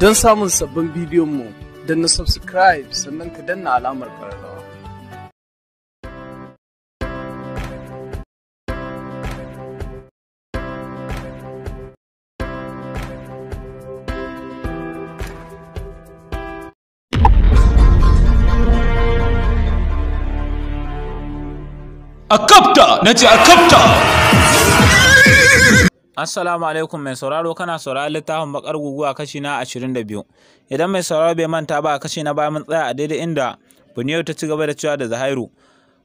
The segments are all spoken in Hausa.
Don samun sabbin bidiyon bidiyonmu, na subscribe sannan ka danna alamar ƙararrawa. A kapta! Na a kapta! Assalamu alaikum mai sauraro kana sauraron littafin bakar guguwa kashi na 22. Idan mai sauraro bai manta ba kashi na bayan tsaya a daidai inda Buniyar ta ci gaba da cewa da Zahairu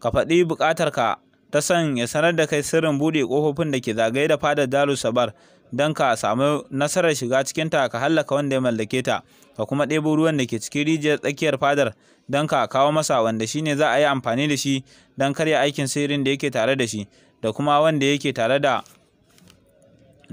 ka faɗi buƙatarka ta san ya sanar da kai sirrin buɗe ƙofofin da ke zagaye da fadar Dalu Sabar don ka samu nasarar shiga cikin ta ka hallaka wanda ya mallake ta ka kuma ɗebo ruwan da ke cikin rijiyar tsakiyar fadar don ka kawo masa wanda shi ne za a yi amfani da shi don karya aikin sirrin da yake tare da shi da kuma wanda yake tare da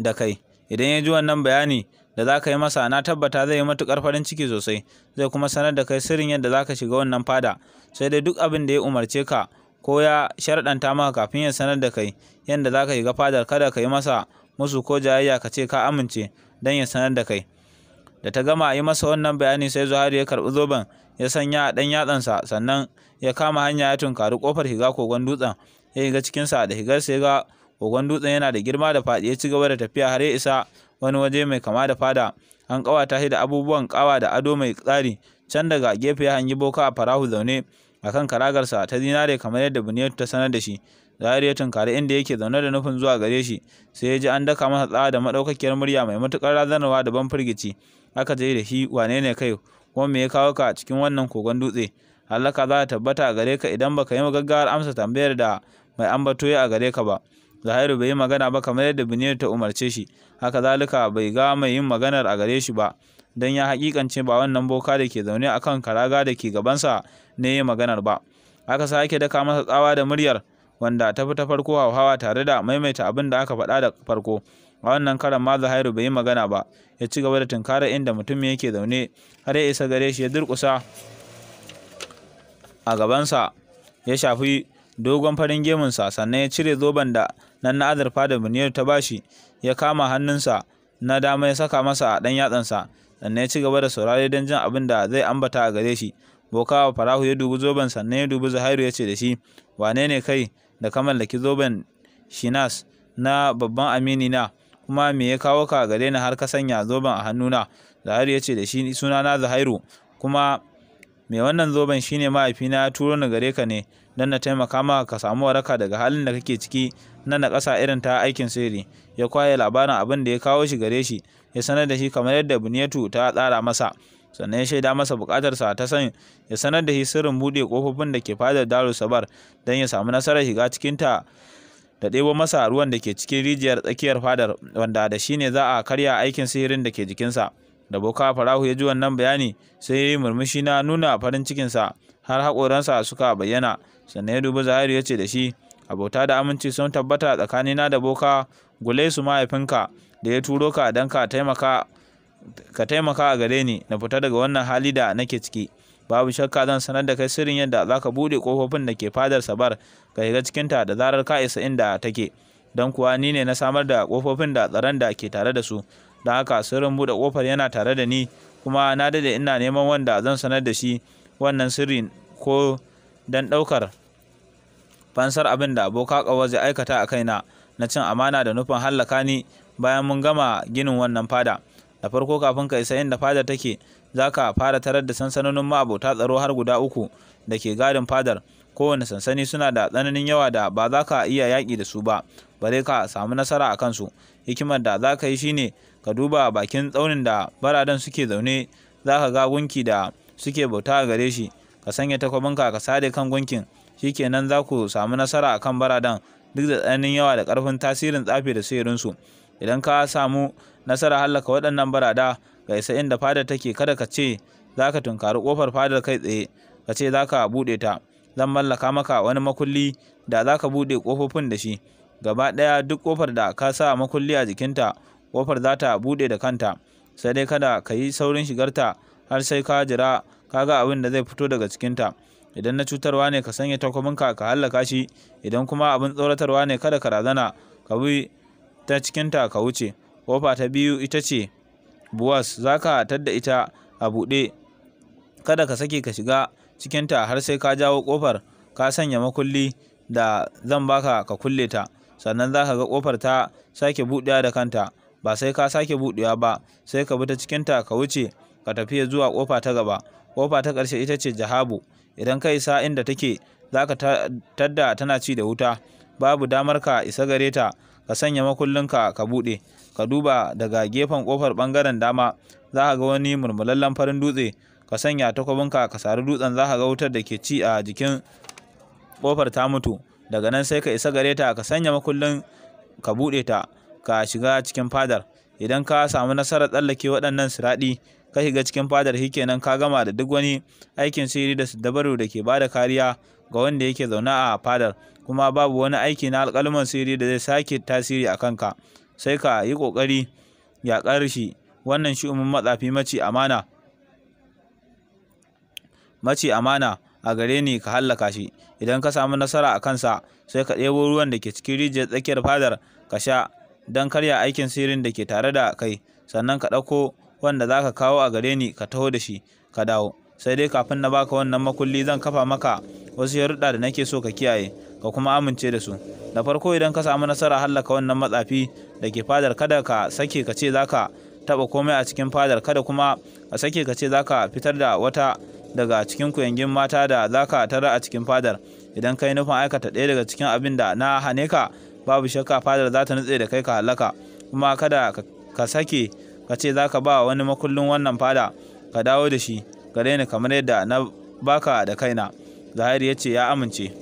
da kai idan ya ji wannan bayani da za ka yi masa na tabbata zai yi matukar farin ciki sosai zai kuma sanar da kai sirrin yadda za ka shiga wannan fada sai dai duk abin da ya umarce ka ko ya sharɗanta maka kafin ya sanar da kai yadda za ka shiga fadar kada ka yi masa musu ko jayayya ka ce ka amince don ya sanar da kai da ta gama a yi masa wannan bayani sai zuhari ya karɓi zoben ya sanya a ɗan yatsansa sannan ya kama hanya ya tunkari kofar higa kogon dutsen ya shiga cikinsa da higarsa ya ga kogon dutsen yana da girma da faɗi ya ci gaba da tafiya har ya isa wani waje mai kama da fada an ƙawata shi da abubuwan kawa da ado mai tsari can daga gefe ya hangi boka a farahu zaune akan karagarsa ta zinare kamar yadda buniyatu ta sanar da shi zahir ya tunkari inda yake zaune da nufin zuwa gare shi sai ya ji an daka masa tsawa da maɗaukakiyar murya mai matuƙar razanarwa da ban firgici aka je da shi wane ne kai kuma me ya kawo ka cikin wannan kogon dutse hallaka za ta tabbata a gare ka idan baka yi gaggawar amsa tambayar da mai ambato ya a gare ka ba Zahiru bai yi magana ba kamar yadda Binir ta umarce shi, haka zalika bai ga mai yin maganar a gare shi ba, don ya hakikance ba wannan boka da ke zaune akan karaga da ke gabansa ne yi maganar ba. Aka sake daka masa tsawa da muryar wanda ta fi ta farko hauhawa tare da maimaita abin da aka faɗa da farko. A wannan karan ma Zahiru bai yi magana ba, ya ci gaba da tunkarar inda mutum yake zaune har ya isa gare shi ya durƙusa a gabansa ya shafi dogon farin gemunsa sannan ya cire zoben da nan na azurfa da birniru ta bashi ya kama hannunsa na dama ya saka masa a ɗan yatsansa sannan ya ci gaba da saurare don jin abin da zai ambata a gare shi bokawa farahu ya dubi zoben sannan ya dubi zahairu ya ce da shi wane ne kai da ka mallaki zoben shinas na babban amini na kuma me ya kawo ka gare ni har ka sanya zoben a hannuna zahairu ya ce da shi sunana zahairu kuma me wannan zoben shine mahaifina ya turo na gare ka ne don na taimaka maka ka samu waraka daga halin da kake ciki na na ƙasa irin ta aikin sirri ya kwaye labarin abin da ya kawo shi gare shi ya sanar da shi kamar yadda buniyatu ta tsara masa sannan ya shaida masa buƙatarsa ta san ya sanar da shi sirrin buɗe kofofin da ke fadar daru sabar don ya samu nasarar shiga cikin ta da ɗebo masa ruwan da ke cikin rijiyar tsakiyar fadar wanda da shi ne za a karya aikin sihirin da ke jikinsa da boka farahu ya ji wannan bayani sai ya yi murmushi na nuna farin cikinsa har haƙoransa suka bayyana sannan ya dubi zahiru ya ce da shi abota da aminci sun tabbata tsakanina da boka gule su mahaifinka da ya turo ka don ka taimaka a gare ni na fita daga wannan hali da nake ciki babu shakka zan sanar da kai sirrin yadda za ka buɗe ƙofofin da ke fadar sabar ka shiga cikinta da zarar ka isa inda take don kuwa ni ne na samar da ƙofofin da tsaron da ke tare da su don haka sirrin buɗe ƙofar yana tare da ni kuma na dade ina neman wanda zan sanar da shi wannan sirri ko dan ɗaukar fansar abin da aboka ƙawar zai aikata a kaina na cin amana da nufin hallaka ni bayan mun gama ginin wannan fada da farko kafin ka isa inda fadar take za ka fara tarar da sansanonin ma'abota tsaro har guda uku da ke gadin fadar kowane sansani suna da tsananin yawa da ba za ka iya yaƙi da su ba bare ka samu nasara a kansu hikimar da za ka yi shine ka duba bakin tsaunin da baradan suke zaune za ka ga gunki da suke bauta a gare shi ka sanya takwabinka ka sare kan gunkin shikenan za ku samu nasara akan baradan duk da tsananin yawa da karfin tasirin tsafi da su idan ka samu nasara hallaka waɗannan barada ga isa inda fadar take kada ka ce za ka tunkari kofar fadar kai tsaye ka ce za ka buɗe ta zan mallaka maka wani makulli da za ka buɗe ƙofofin da shi gaba ɗaya duk ƙofar da ka sa makulli a jikinta ƙofar za ta buɗe da kanta sai dai kada ka yi saurin shigarta har sai ka jira ka ga abin da zai fito daga cikinta idan na cutarwa ne ka sanya takobinka ka hallaka shi idan kuma abin tsoratarwa ne kada ka razana ka bi ta cikinta ka wuce kofa ta biyu ita ce buwas za ka tadda ita a buɗe kada ka sake ka shiga cikinta har sai ka jawo kofar ka sanya makulli da zan baka ka kulle ta sannan za ka ga kofar ta sake buɗewa da kanta ba sai ka sake buɗewa ba sai ka bi ta cikinta ka wuce ka tafi zuwa kofa ta gaba ƙofa ta ƙarshe ita ce jahabu idan ka sa inda take za ka tadda tana ci da wuta babu damar ka isa gare ta ka sanya makullin ka ka buɗe ka duba daga gefen kofar bangaren dama za ka ga wani murmulallen farin dutse ka sanya takobin ka ka sari dutsen za ka ga wutar da ke ci a jikin kofar ta mutu daga nan sai ka isa gare ta ka sanya makullin ka buɗe ta ka shiga cikin fadar idan ka samu nasarar tsallake waɗannan siraɗi ka shiga cikin fadar kenan ka gama da duk wani aikin sirri da dabaru da ke bada kariya ga wanda yake zaune a fadar kuma babu wani aiki na alƙalman sirri da zai sake tasiri a kanka sai ka yi ƙoƙari ya shi wannan shi umun matsafi mace amana mace amana a gare ni ka hallaka shi idan ka samu nasara a kansa sai ka ɗebo ruwan da ke cikin rijiyar tsakiyar fadar ka sha don karya aikin sirrin da ke tare da kai sannan ka ɗauko wanda za ka kawo a gare ni ka taho da shi ka dawo sai dai kafin na baka wannan makulli zan kafa maka wasu yarda da nake so ka kiyaye ka kuma amince da su da farko idan ka samu nasara hallaka wannan matsafi da ke fadar kada ka sake ka ce za ka taɓa komai a cikin fadar kada kuma ka sake ka ce za ka fitar da wata daga cikin kuyangin mata da za ka tara a cikin fadar idan kai nufin aikata ɗaya daga cikin abin da na hane ka babu shakka fadar za ta nutse da kai ka hallaka kuma kada ka sake ka ce za ka ba wani makullin wannan fada ka dawo da shi gare ni kamar yadda na baka da kaina zahiri ya ce ya amince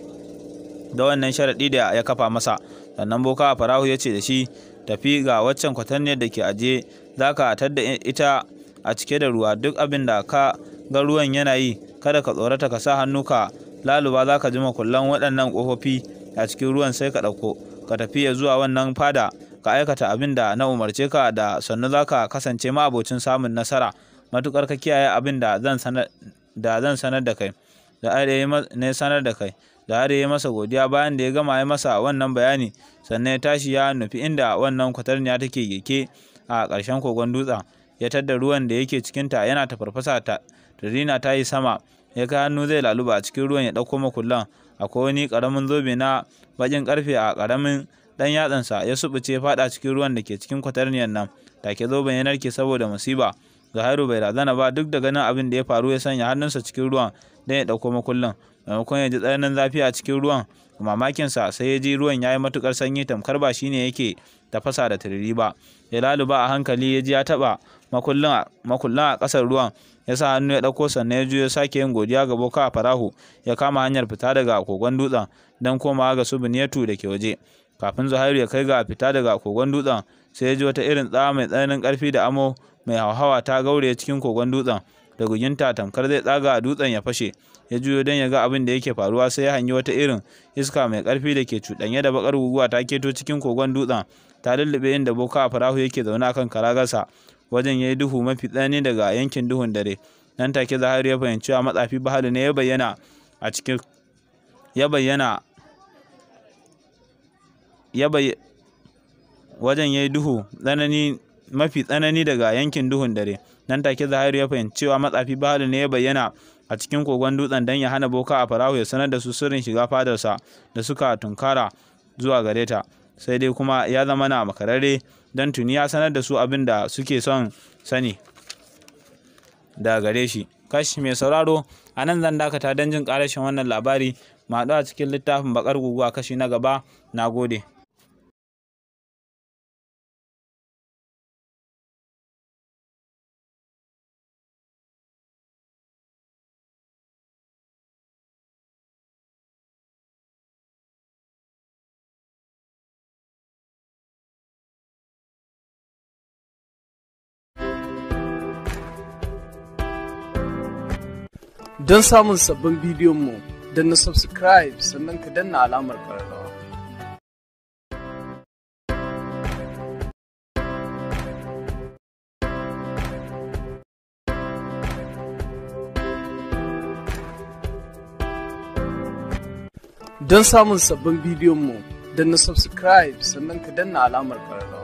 da wannan sharaɗi da ya kafa masa sannan boka a farahu ya ce da shi tafi ga waccan kwatanniyar da ke aje za ka tar ita a cike da ruwa duk abin da ka ga ruwan yana yi kada ka tsorata ka sa hannu ka laluba za ka ji makullan waɗannan ƙofofi a cikin ruwan sai ka ɗauko ka tafi ya zuwa wannan fada ka aikata abin da na umarce ka da sannu za ka kasance ma'abocin samun nasara matukar ka kiyaye abin da zan sanar da kai da har ne sanar da kai da har ya masa godiya bayan da ya gama ya masa wannan bayani sannan ya tashi ya nufi inda wannan kwatarniya take yake a ƙarshen kogon dutsen ya tadda ruwan da yake cikinta yana ta farfasa ta tarina ta yi sama ya kai hannu zai laluba a cikin ruwan ya ɗauko makullan akwai wani ƙaramin zobe na baƙin ƙarfe a ƙaramin dan yatsansa ya subuce fada cikin ruwan da ke cikin kwatarniyar nan take zo ya narke saboda musiba ga hairu bai razana ba duk da ganin abin da ya faru ya sanya hannunsa cikin ruwan dan ya dauko makullin maimakon ya ji tsananin zafi a cikin ruwan mamakinsa sai ya ji ruwan ya yi matukar sanyi tamkar ba shine yake tafasa da tiriri ba ya laluba a hankali ya ji ya taba makullin a ƙasar ruwan ya sa hannu ya ɗauko sannan ya juyo sake yin godiya ga boka a farahu ya kama hanyar fita daga kogon dutsen don komawa ga subiniyatu da ke waje kafin Zuhairu ya kai ga fita daga kogon dutsen sai ya ji wata irin tsawa mai tsananin ƙarfi da amo mai hauhawa ta gaure cikin kogon dutsen da guginta tamkar zai tsaga a dutsen ya fashe ya juyo don ya ga abin da yake faruwa sai ya hanyi wata irin iska mai ƙarfi da ke cuɗanye da bakar guguwa ta keto cikin kogon dutsen ta lullube inda boka a farahu yake zaune akan karagarsa wajen ya yi duhu mafi tsanani daga yankin duhun dare nan take zaharu ya fahimci a matsafi bahalu ne ya bayyana a cikin ya bayyana ya bai wajen yi duhu tsanani mafi tsanani daga yankin duhun dare nan take zahiru ya fahimci cewa matsafi Bahalu ne ya bayyana a cikin kogon dutsen dan ya hana boka a farahu ya sanar da su sirrin shiga fadarsa da suka tunkara zuwa gare ta sai dai kuma ya zama na makararre don tuni ya sanar da su abin da suke son sani da gare shi kashi mai sauraro a nan zan dakata don jin ƙarashin wannan labari ma a cikin littafin bakar guguwa kashi na gaba na gode don samun sabbin mu don na subscribe sannan ka danna alamar ƙararrawa. Don samun sabbin bidiyon mu don na subscribe sannan ka danna alamar ƙararrawa.